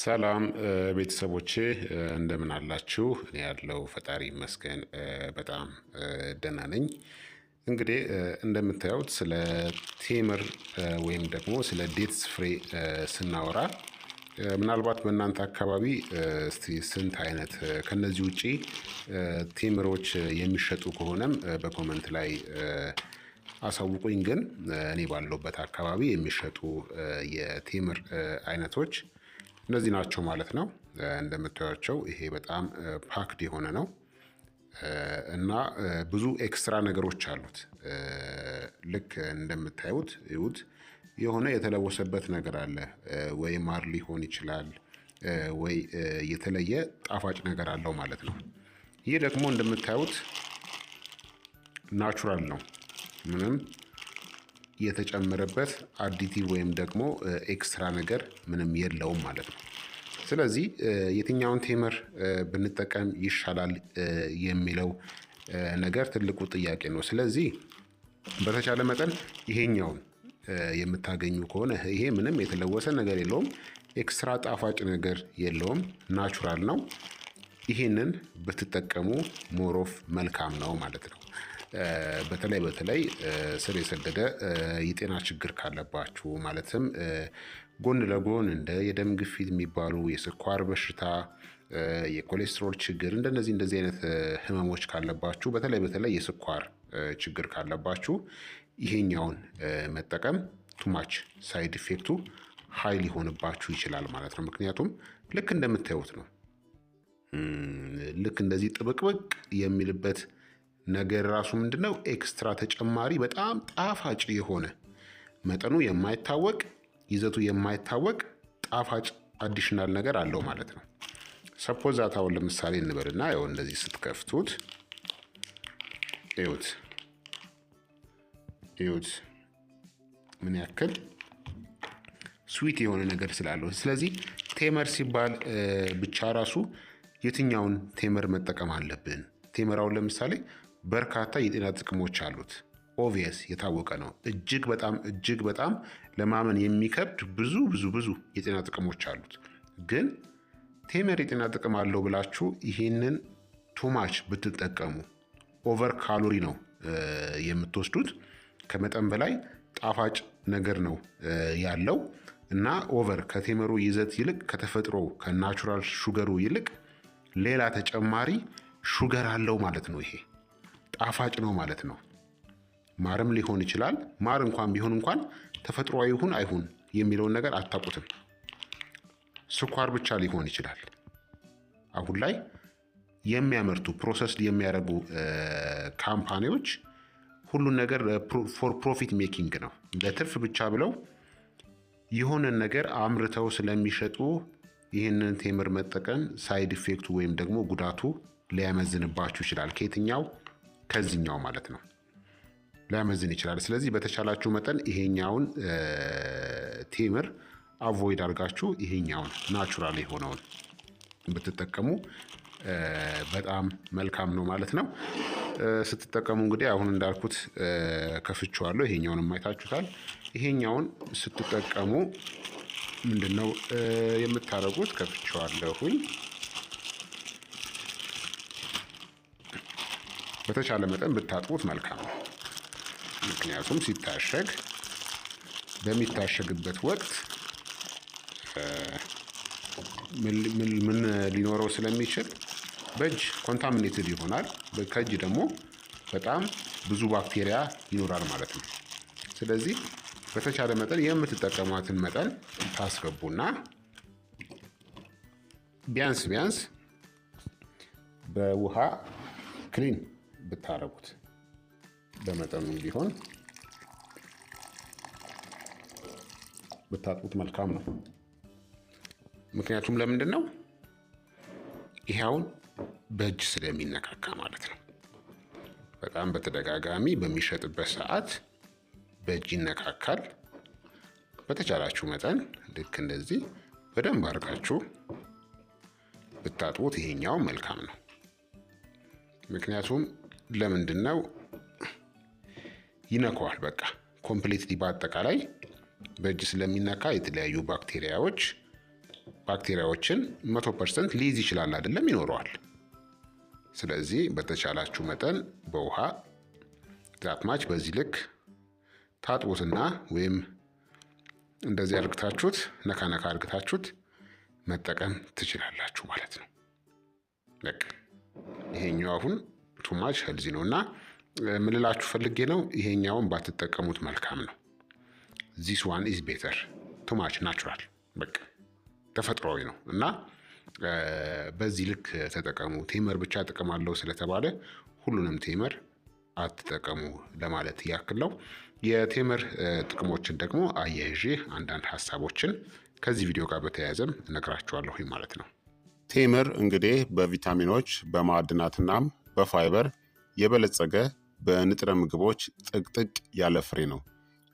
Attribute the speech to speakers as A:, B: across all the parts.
A: ሰላም ቤተሰቦቼ እንደምን አላችሁ? ያለው ፈጣሪ ይመስገን በጣም ደህና ነኝ። እንግዲህ እንደምታዩት ስለ ቴምር ወይም ደግሞ ስለ ዴትስ ፍሬ ስናወራ ምናልባት በእናንተ አካባቢ እስቲ ስንት አይነት ከነዚህ ውጪ ቴምሮች የሚሸጡ ከሆነም በኮመንት ላይ አሳውቁኝ። ግን እኔ ባለሁበት አካባቢ የሚሸጡ የቴምር አይነቶች እነዚህ ናቸው ማለት ነው። እንደምታዩቸው ይሄ በጣም ፓክድ የሆነ ነው እና ብዙ ኤክስትራ ነገሮች አሉት። ልክ እንደምታዩት ይሁት የሆነ የተለወሰበት ነገር አለ። ወይ ማር ሊሆን ይችላል ወይ የተለየ ጣፋጭ ነገር አለው ማለት ነው። ይህ ደግሞ እንደምታዩት ናቹራል ነው ምንም የተጨመረበት አዲቲቭ ወይም ደግሞ ኤክስትራ ነገር ምንም የለውም ማለት ነው። ስለዚህ የትኛውን ቴምር ብንጠቀም ይሻላል የሚለው ነገር ትልቁ ጥያቄ ነው። ስለዚህ በተቻለ መጠን ይሄኛውን የምታገኙ ከሆነ ይሄ ምንም የተለወሰ ነገር የለውም፣ ኤክስትራ ጣፋጭ ነገር የለውም፣ ናቹራል ነው። ይህንን ብትጠቀሙ ሞሮፍ መልካም ነው ማለት ነው። በተለይ በተለይ ስር የሰደደ የጤና ችግር ካለባችሁ ማለትም ጎን ለጎን እንደ የደም ግፊት የሚባሉ የስኳር በሽታ፣ የኮሌስትሮል ችግር እንደነዚህ እንደዚህ አይነት ህመሞች ካለባችሁ በተለይ በተለይ የስኳር ችግር ካለባችሁ ይሄኛውን መጠቀም ቱማች ሳይድ ኢፌክቱ ሀይ ሊሆንባችሁ ይችላል ማለት ነው። ምክንያቱም ልክ እንደምታዩት ነው። ልክ እንደዚህ ጥብቅብቅ የሚልበት ነገር ራሱ ምንድነው ኤክስትራ ተጨማሪ በጣም ጣፋጭ የሆነ መጠኑ የማይታወቅ ይዘቱ የማይታወቅ ጣፋጭ አዲሽናል ነገር አለው ማለት ነው። ሰፖዝ አሁን ለምሳሌ እንበልና ያው እንደዚህ ስትከፍቱት እዩት እዩት ምን ያክል ስዊት የሆነ ነገር ስላለው። ስለዚህ ቴመር ሲባል ብቻ ራሱ የትኛውን ቴመር መጠቀም አለብን? ቴመራውን ለምሳሌ በርካታ የጤና ጥቅሞች አሉት። ኦቪየስ የታወቀ ነው። እጅግ በጣም እጅግ በጣም ለማመን የሚከብድ ብዙ ብዙ ብዙ የጤና ጥቅሞች አሉት። ግን ቴምር የጤና ጥቅም አለው ብላችሁ ይህንን ቱማች ብትጠቀሙ ኦቨር ካሎሪ ነው የምትወስዱት። ከመጠን በላይ ጣፋጭ ነገር ነው ያለው እና ኦቨር ከቴምሩ ይዘት ይልቅ ከተፈጥሮ ከናቹራል ሹገሩ ይልቅ ሌላ ተጨማሪ ሹገር አለው ማለት ነው ይሄ ጣፋጭ ነው ማለት ነው። ማርም ሊሆን ይችላል። ማር እንኳን ቢሆን እንኳን ተፈጥሯዊ ይሁን አይሁን የሚለውን ነገር አታውቁትም። ስኳር ብቻ ሊሆን ይችላል። አሁን ላይ የሚያመርቱ ፕሮሰስ የሚያደርጉ ካምፓኒዎች ሁሉን ነገር ፎር ፕሮፊት ሜኪንግ ነው፣ ለትርፍ ብቻ ብለው የሆነን ነገር አምርተው ስለሚሸጡ ይህንን ቴምር መጠቀም ሳይድ ኢፌክቱ ወይም ደግሞ ጉዳቱ ሊያመዝንባችሁ ይችላል ከየትኛው ከዚህኛው ማለት ነው ሊያመዝን ይችላል። ስለዚህ በተቻላችሁ መጠን ይሄኛውን ቴምር አቮይድ አድርጋችሁ ይሄኛውን ናቹራል የሆነውን ብትጠቀሙ በጣም መልካም ነው ማለት ነው። ስትጠቀሙ እንግዲህ አሁን እንዳልኩት ከፍቼዋለሁ። ይሄኛውን የማይታችሁታል። ይሄኛውን ስትጠቀሙ ምንድን ነው የምታደርጉት? አለሁኝ? በተቻለ መጠን ብታጥቡት መልካም ነው። ምክንያቱም ሲታሸግ በሚታሸግበት ወቅት ምን ሊኖረው ስለሚችል በእጅ ኮንታሚኔትድ ይሆናል። ከእጅ ደግሞ በጣም ብዙ ባክቴሪያ ይኖራል ማለት ነው። ስለዚህ በተቻለ መጠን የምትጠቀሟትን መጠን ታስገቡና ቢያንስ ቢያንስ በውሃ ክሊን ብታረጉት በመጠኑ ቢሆን ብታጥቡት መልካም ነው። ምክንያቱም ለምንድን ነው ይሄውን በእጅ ስለሚነካካ ማለት ነው። በጣም በተደጋጋሚ በሚሸጥበት ሰዓት በእጅ ይነካካል። በተቻላችሁ መጠን ልክ እንደዚህ በደንብ አድርጋችሁ ብታጥቡት ይሄኛው መልካም ነው። ምክንያቱም ለምንድን ነው ይነከዋል። በቃ ኮምፕሌትሊ በአጠቃላይ በእጅ ስለሚነካ የተለያዩ ባክቴሪያዎች ባክቴሪያዎችን መቶ ፐርሰንት ሊይዝ ይችላል አይደለም፣ ይኖረዋል። ስለዚህ በተቻላችሁ መጠን በውሃ ዛትማች በዚህ ልክ ታጥቡትና ወይም እንደዚህ አርግታችሁት ነካ ነካ አርግታችሁት መጠቀም ትችላላችሁ ማለት ነው። በቃ ይሄኛው አሁን ቱ ማች ሄልዚ ነው እና ምልላችሁ ፈልጌ ነው ይሄኛውን ባትጠቀሙት መልካም ነው። ዚስ ዋን ኢዝ ቤተር ቱ ማች ናቹራል፣ በቃ ተፈጥሯዊ ነው እና በዚህ ልክ ተጠቀሙ። ቴመር ብቻ ጥቅም አለው ስለተባለ ሁሉንም ቴመር አትጠቀሙ ለማለት ያክል የቴምር ጥቅሞችን ደግሞ አያይዤ አንዳንድ ሀሳቦችን ከዚህ ቪዲዮ ጋር በተያያዘም እነግራችኋለሁ ማለት ነው። ቴምር እንግዲህ በቪታሚኖች በማዕድናትናም በፋይበር የበለጸገ በንጥረ ምግቦች ጥቅጥቅ ያለ ፍሬ ነው።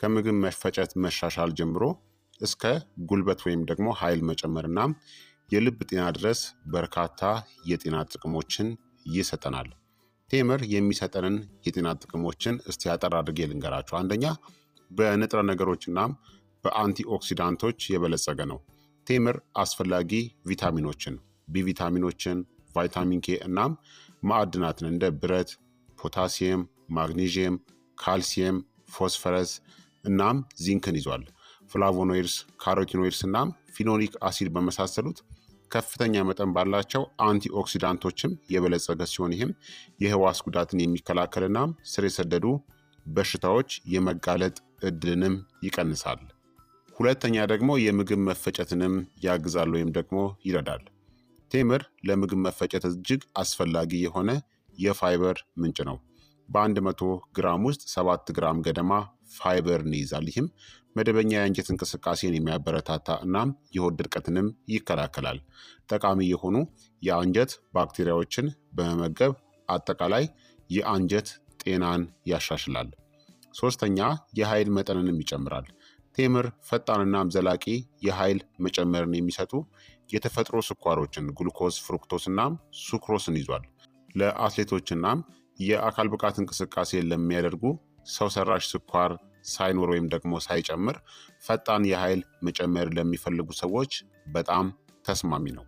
A: ከምግብ መፈጨት መሻሻል ጀምሮ እስከ ጉልበት ወይም ደግሞ ኃይል መጨመር እናም የልብ ጤና ድረስ በርካታ የጤና ጥቅሞችን ይሰጠናል። ቴምር የሚሰጠንን የጤና ጥቅሞችን እስቲ አጠር አድርጌ ልንገራቸው። አንደኛ በንጥረ ነገሮች እናም በአንቲኦክሲዳንቶች የበለጸገ ነው። ቴምር አስፈላጊ ቪታሚኖችን፣ ቢ ቪታሚኖችን፣ ቫይታሚን ኬ እናም ማዕድናትን እንደ ብረት፣ ፖታሲየም፣ ማግኒዥየም ካልሲየም፣ ፎስፈረስ እናም ዚንክን ይዟል። ፍላቮኖይድስ፣ ካሮቲኖይድስ እናም ፊኖሊክ አሲድ በመሳሰሉት ከፍተኛ መጠን ባላቸው አንቲኦክሲዳንቶችም የበለጸገ ሲሆን ይህም የህዋስ ጉዳትን የሚከላከልናም ስር የሰደዱ በሽታዎች የመጋለጥ እድልንም ይቀንሳል። ሁለተኛ ደግሞ የምግብ መፈጨትንም ያግዛል ወይም ደግሞ ይረዳል። ቴምር ለምግብ መፈጨት እጅግ አስፈላጊ የሆነ የፋይበር ምንጭ ነው። በ100 ግራም ውስጥ 7 ግራም ገደማ ፋይበርን ይይዛል። ይህም መደበኛ የአንጀት እንቅስቃሴን የሚያበረታታ እናም የሆድ ድርቀትንም ይከላከላል። ጠቃሚ የሆኑ የአንጀት ባክቴሪያዎችን በመመገብ አጠቃላይ የአንጀት ጤናን ያሻሽላል። ሶስተኛ የኃይል መጠንንም ይጨምራል። ቴምር ፈጣንናም ዘላቂ የኃይል መጨመርን የሚሰጡ የተፈጥሮ ስኳሮችን ግሉኮዝ፣ ፍሩክቶስናም ሱክሮስን ይዟል። ለአትሌቶችናም የአካል ብቃት እንቅስቃሴ ለሚያደርጉ ሰው ሰራሽ ስኳር ሳይኖር ወይም ደግሞ ሳይጨምር ፈጣን የኃይል መጨመር ለሚፈልጉ ሰዎች በጣም ተስማሚ ነው።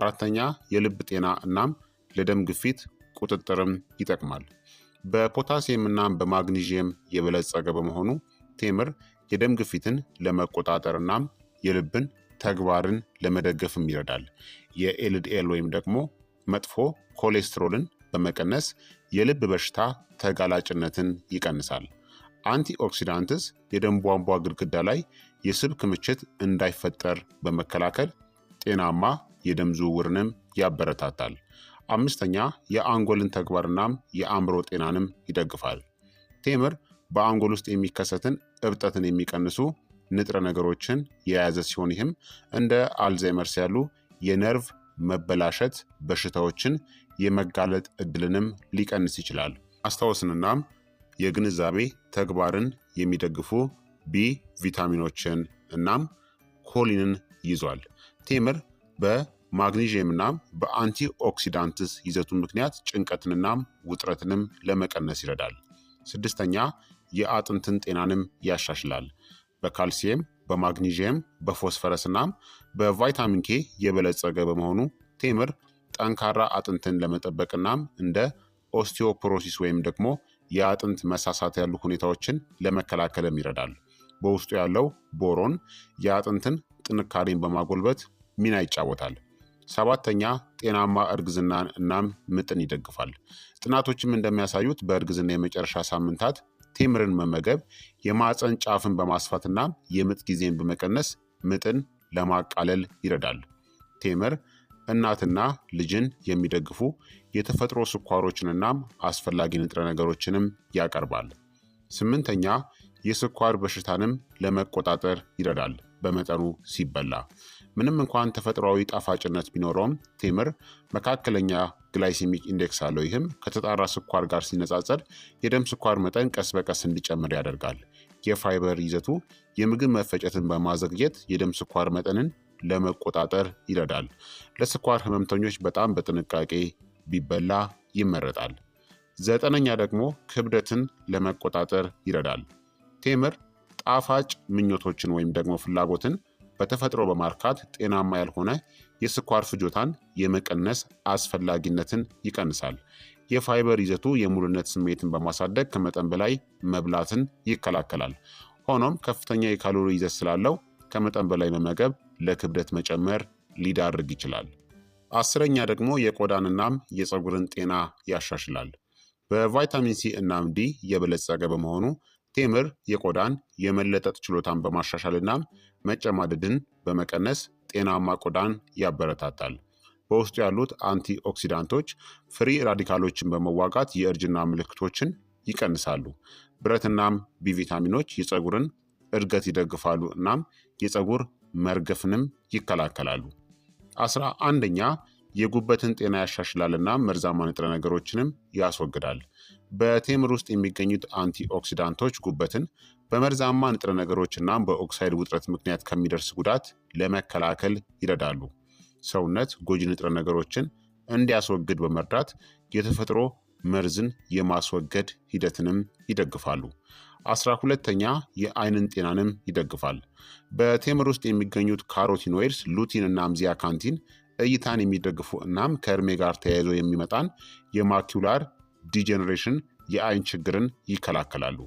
A: አራተኛ የልብ ጤና እናም ለደም ግፊት ቁጥጥርም ይጠቅማል። በፖታሲየም እናም በማግኒዥየም የበለጸገ በመሆኑ ቴምር የደም ግፊትን ለመቆጣጠር እናም የልብን ተግባርን ለመደገፍም ይረዳል። የኤልዲኤል ወይም ደግሞ መጥፎ ኮሌስትሮልን በመቀነስ የልብ በሽታ ተጋላጭነትን ይቀንሳል። አንቲኦክሲዳንትስ የደም ቧንቧ ግድግዳ ላይ የስብ ክምችት እንዳይፈጠር በመከላከል ጤናማ የደም ዝውውርንም ያበረታታል። አምስተኛ የአንጎልን ተግባርናም የአእምሮ ጤናንም ይደግፋል። ቴምር በአንጎል ውስጥ የሚከሰትን እብጠትን የሚቀንሱ ንጥረ ነገሮችን የያዘ ሲሆን ይህም እንደ አልዛይመርስ ያሉ የነርቭ መበላሸት በሽታዎችን የመጋለጥ እድልንም ሊቀንስ ይችላል። ማስታወስንናም የግንዛቤ ተግባርን የሚደግፉ ቢ ቪታሚኖችን እናም ኮሊንን ይዟል። ቴምር በማግኒዥየም እናም በአንቲ ኦክሲዳንትስ ይዘቱ ምክንያት ጭንቀትንናም ውጥረትንም ለመቀነስ ይረዳል። ስድስተኛ የአጥንትን ጤናንም ያሻሽላል። በካልሲየም በማግኒዥየም በፎስፈረስናም በቫይታሚን ኬ የበለጸገ በመሆኑ ቴምር ጠንካራ አጥንትን ለመጠበቅናም እንደ ኦስቲዮፕሮሲስ ወይም ደግሞ የአጥንት መሳሳት ያሉ ሁኔታዎችን ለመከላከልም ይረዳል። በውስጡ ያለው ቦሮን የአጥንትን ጥንካሬን በማጎልበት ሚና ይጫወታል። ሰባተኛ ጤናማ እርግዝና እናም ምጥን ይደግፋል። ጥናቶችም እንደሚያሳዩት በእርግዝና የመጨረሻ ሳምንታት ቴምርን መመገብ የማፀን ጫፍን በማስፋትና የምጥ ጊዜን በመቀነስ ምጥን ለማቃለል ይረዳል። ቴምር እናትና ልጅን የሚደግፉ የተፈጥሮ ስኳሮችንና አስፈላጊ ንጥረ ነገሮችንም ያቀርባል። ስምንተኛ የስኳር በሽታንም ለመቆጣጠር ይረዳል በመጠኑ ሲበላ ምንም እንኳን ተፈጥሯዊ ጣፋጭነት ቢኖረውም ቴምር መካከለኛ ግላይሲሚክ ኢንዴክስ አለው። ይህም ከተጣራ ስኳር ጋር ሲነጻጸር የደም ስኳር መጠን ቀስ በቀስ እንዲጨምር ያደርጋል። የፋይበር ይዘቱ የምግብ መፈጨትን በማዘግየት የደም ስኳር መጠንን ለመቆጣጠር ይረዳል። ለስኳር ህመምተኞች በጣም በጥንቃቄ ቢበላ ይመረጣል። ዘጠነኛ ደግሞ ክብደትን ለመቆጣጠር ይረዳል። ቴምር ጣፋጭ ምኞቶችን ወይም ደግሞ ፍላጎትን በተፈጥሮ በማርካት ጤናማ ያልሆነ የስኳር ፍጆታን የመቀነስ አስፈላጊነትን ይቀንሳል። የፋይበር ይዘቱ የሙሉነት ስሜትን በማሳደግ ከመጠን በላይ መብላትን ይከላከላል። ሆኖም ከፍተኛ የካሎሪ ይዘት ስላለው ከመጠን በላይ መመገብ ለክብደት መጨመር ሊዳርግ ይችላል። አስረኛ ደግሞ የቆዳንናም የፀጉርን ጤና ያሻሽላል። በቫይታሚን ሲ እናም ዲ የበለጸገ በመሆኑ ቴምር የቆዳን የመለጠጥ ችሎታን በማሻሻልና መጨማደድን በመቀነስ ጤናማ ቆዳን ያበረታታል። በውስጡ ያሉት አንቲ ኦክሲዳንቶች ፍሪ ራዲካሎችን በመዋጋት የእርጅና ምልክቶችን ይቀንሳሉ። ብረትናም ቢቪታሚኖች የፀጉርን እድገት ይደግፋሉ እናም የፀጉር መርገፍንም ይከላከላሉ። አስራ አንደኛ የጉበትን ጤና ያሻሽላልና መርዛማ ንጥረ ነገሮችንም ያስወግዳል። በቴምር ውስጥ የሚገኙት አንቲ ኦክሲዳንቶች ጉበትን በመርዛማ ንጥረ ነገሮችና በኦክሳይድ ውጥረት ምክንያት ከሚደርስ ጉዳት ለመከላከል ይረዳሉ። ሰውነት ጎጂ ንጥረ ነገሮችን እንዲያስወግድ በመርዳት የተፈጥሮ መርዝን የማስወገድ ሂደትንም ይደግፋሉ። አስራ ሁለተኛ የአይንን ጤናንም ይደግፋል። በቴምር ውስጥ የሚገኙት ካሮቲኖይድስ፣ ሉቲን እና ምዚያ ካንቲን እይታን የሚደግፉ እናም ከእድሜ ጋር ተያይዞ የሚመጣን የማኪውላር ዲጀኔሬሽን የአይን ችግርን ይከላከላሉ።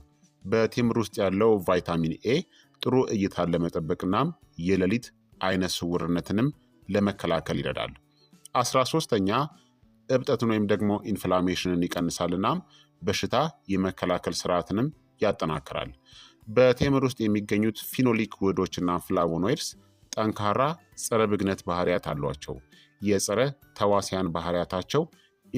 A: በቴምር ውስጥ ያለው ቫይታሚን ኤ ጥሩ እይታን ለመጠበቅናም የሌሊት አይነ ስውርነትንም ለመከላከል ይረዳል። አስራ ሶስተኛ እብጠትን ወይም ደግሞ ኢንፍላሜሽንን ይቀንሳልናም በሽታ የመከላከል ስርዓትንም ያጠናክራል። በቴምር ውስጥ የሚገኙት ፊኖሊክ ውህዶችና ፍላቮኖይድስ ጠንካራ ጸረ ብግነት ባህሪያት አሏቸው። የጸረ ተዋሲያን ባህሪያታቸው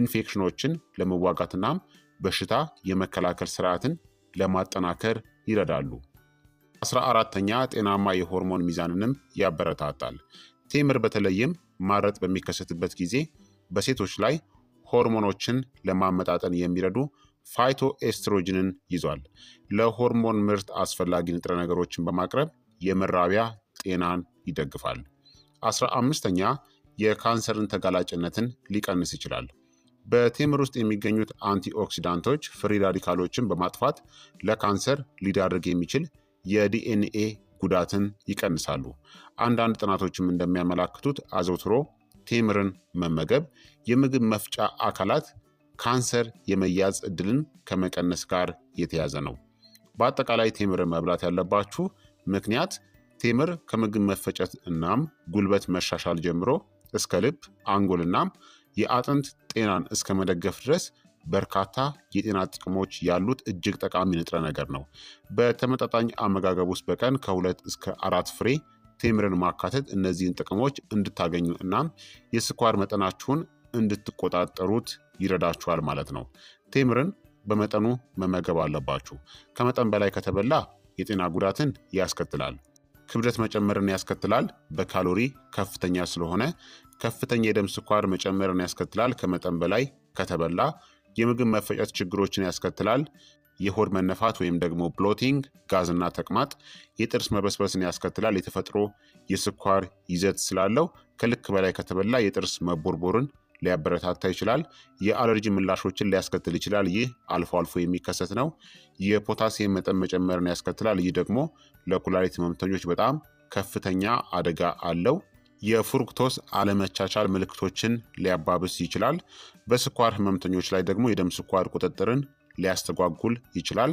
A: ኢንፌክሽኖችን ለመዋጋትናም በሽታ የመከላከል ስርዓትን ለማጠናከር ይረዳሉ። አስራ አራተኛ ጤናማ የሆርሞን ሚዛንንም ያበረታታል። ቴምር በተለይም ማረጥ በሚከሰትበት ጊዜ በሴቶች ላይ ሆርሞኖችን ለማመጣጠን የሚረዱ ፋይቶ ኤስትሮጅንን ይዟል። ለሆርሞን ምርት አስፈላጊ ንጥረ ነገሮችን በማቅረብ የመራቢያ ጤናን ይደግፋል። አስራ አምስተኛ የካንሰርን ተጋላጭነትን ሊቀንስ ይችላል። በቴምር ውስጥ የሚገኙት አንቲኦክሲዳንቶች ፍሪ ራዲካሎችን በማጥፋት ለካንሰር ሊዳርግ የሚችል የዲኤንኤ ጉዳትን ይቀንሳሉ። አንዳንድ ጥናቶችም እንደሚያመላክቱት አዘውትሮ ቴምርን መመገብ የምግብ መፍጫ አካላት ካንሰር የመያዝ እድልን ከመቀነስ ጋር የተያዘ ነው። በአጠቃላይ ቴምርን መብላት ያለባችሁ ምክንያት ቴምር ከምግብ መፈጨት እናም ጉልበት መሻሻል ጀምሮ እስከ ልብ፣ አንጎልናም የአጥንት ጤናን እስከ መደገፍ ድረስ በርካታ የጤና ጥቅሞች ያሉት እጅግ ጠቃሚ ንጥረ ነገር ነው። በተመጣጣኝ አመጋገብ ውስጥ በቀን ከሁለት እስከ አራት ፍሬ ቴምርን ማካተት እነዚህን ጥቅሞች እንድታገኙ እናም የስኳር መጠናችሁን እንድትቆጣጠሩት ይረዳችኋል ማለት ነው። ቴምርን በመጠኑ መመገብ አለባችሁ። ከመጠን በላይ ከተበላ የጤና ጉዳትን ያስከትላል። ክብደት መጨመርን ያስከትላል። በካሎሪ ከፍተኛ ስለሆነ ከፍተኛ የደም ስኳር መጨመርን ያስከትላል። ከመጠን በላይ ከተበላ የምግብ መፈጨት ችግሮችን ያስከትላል። የሆድ መነፋት ወይም ደግሞ ብሎቲንግ፣ ጋዝና ተቅማጥ፣ የጥርስ መበስበስን ያስከትላል። የተፈጥሮ የስኳር ይዘት ስላለው ከልክ በላይ ከተበላ የጥርስ መቦርቦርን ሊያበረታታ ይችላል። የአለርጂ ምላሾችን ሊያስከትል ይችላል። ይህ አልፎ አልፎ የሚከሰት ነው። የፖታሲየም መጠን መጨመርን ያስከትላል። ይህ ደግሞ ለኩላሊት ህመምተኞች በጣም ከፍተኛ አደጋ አለው። የፍሩክቶስ አለመቻቻል ምልክቶችን ሊያባብስ ይችላል። በስኳር ህመምተኞች ላይ ደግሞ የደም ስኳር ቁጥጥርን ሊያስተጓጉል ይችላል።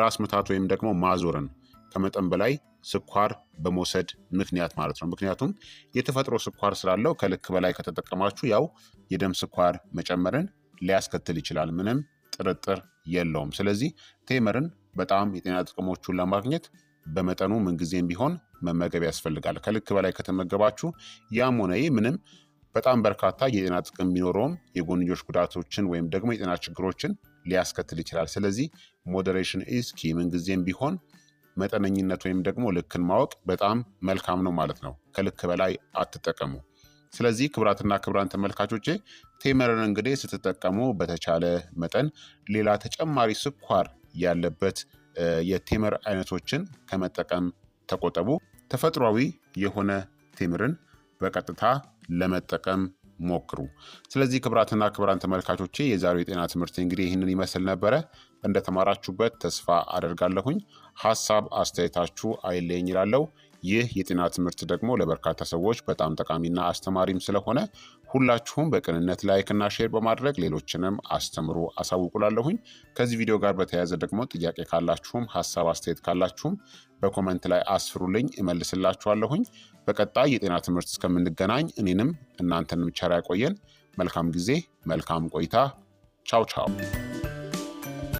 A: ራስ ምታት ወይም ደግሞ ማዞርን ከመጠን በላይ ስኳር በመውሰድ ምክንያት ማለት ነው። ምክንያቱም የተፈጥሮ ስኳር ስላለው ከልክ በላይ ከተጠቀማችሁ ያው የደም ስኳር መጨመርን ሊያስከትል ይችላል። ምንም ጥርጥር የለውም። ስለዚህ ቴምርን በጣም የጤና ጥቅሞቹን ለማግኘት በመጠኑ ምንጊዜም ቢሆን መመገብ ያስፈልጋል። ከልክ በላይ ከተመገባችሁ ያም ሆነ ይህ ምንም በጣም በርካታ የጤና ጥቅም ቢኖረውም የጎንዮሽ ጉዳቶችን ወይም ደግሞ የጤና ችግሮችን ሊያስከትል ይችላል። ስለዚህ ሞዴሬሽን ኢስኪ ምንጊዜም ቢሆን መጠነኝነት ወይም ደግሞ ልክን ማወቅ በጣም መልካም ነው ማለት ነው። ከልክ በላይ አትጠቀሙ። ስለዚህ ክቡራትና ክቡራን ተመልካቾቼ ቴምርን እንግዲህ ስትጠቀሙ በተቻለ መጠን ሌላ ተጨማሪ ስኳር ያለበት የቴምር አይነቶችን ከመጠቀም ተቆጠቡ። ተፈጥሯዊ የሆነ ቴምርን በቀጥታ ለመጠቀም ሞክሩ። ስለዚህ ክቡራትና ክቡራን ተመልካቾቼ የዛሬው የጤና ትምህርት እንግዲህ ይህንን ይመስል ነበረ። እንደተማራችሁበት ተስፋ አደርጋለሁኝ። ሀሳብ አስተያየታችሁ አይለኝ ይላለው። ይህ የጤና ትምህርት ደግሞ ለበርካታ ሰዎች በጣም ጠቃሚና አስተማሪም ስለሆነ ሁላችሁም በቅንነት ላይክና ሼር በማድረግ ሌሎችንም አስተምሩ አሳውቁላለሁኝ። ከዚህ ቪዲዮ ጋር በተያያዘ ደግሞ ጥያቄ ካላችሁም ሀሳብ አስተያየት ካላችሁም በኮመንት ላይ አስፍሩልኝ፣ እመልስላችኋለሁኝ። በቀጣይ የጤና ትምህርት እስከምንገናኝ እኔንም እናንተንም ቸር ያቆየን። መልካም ጊዜ፣ መልካም ቆይታ። ቻው ቻው።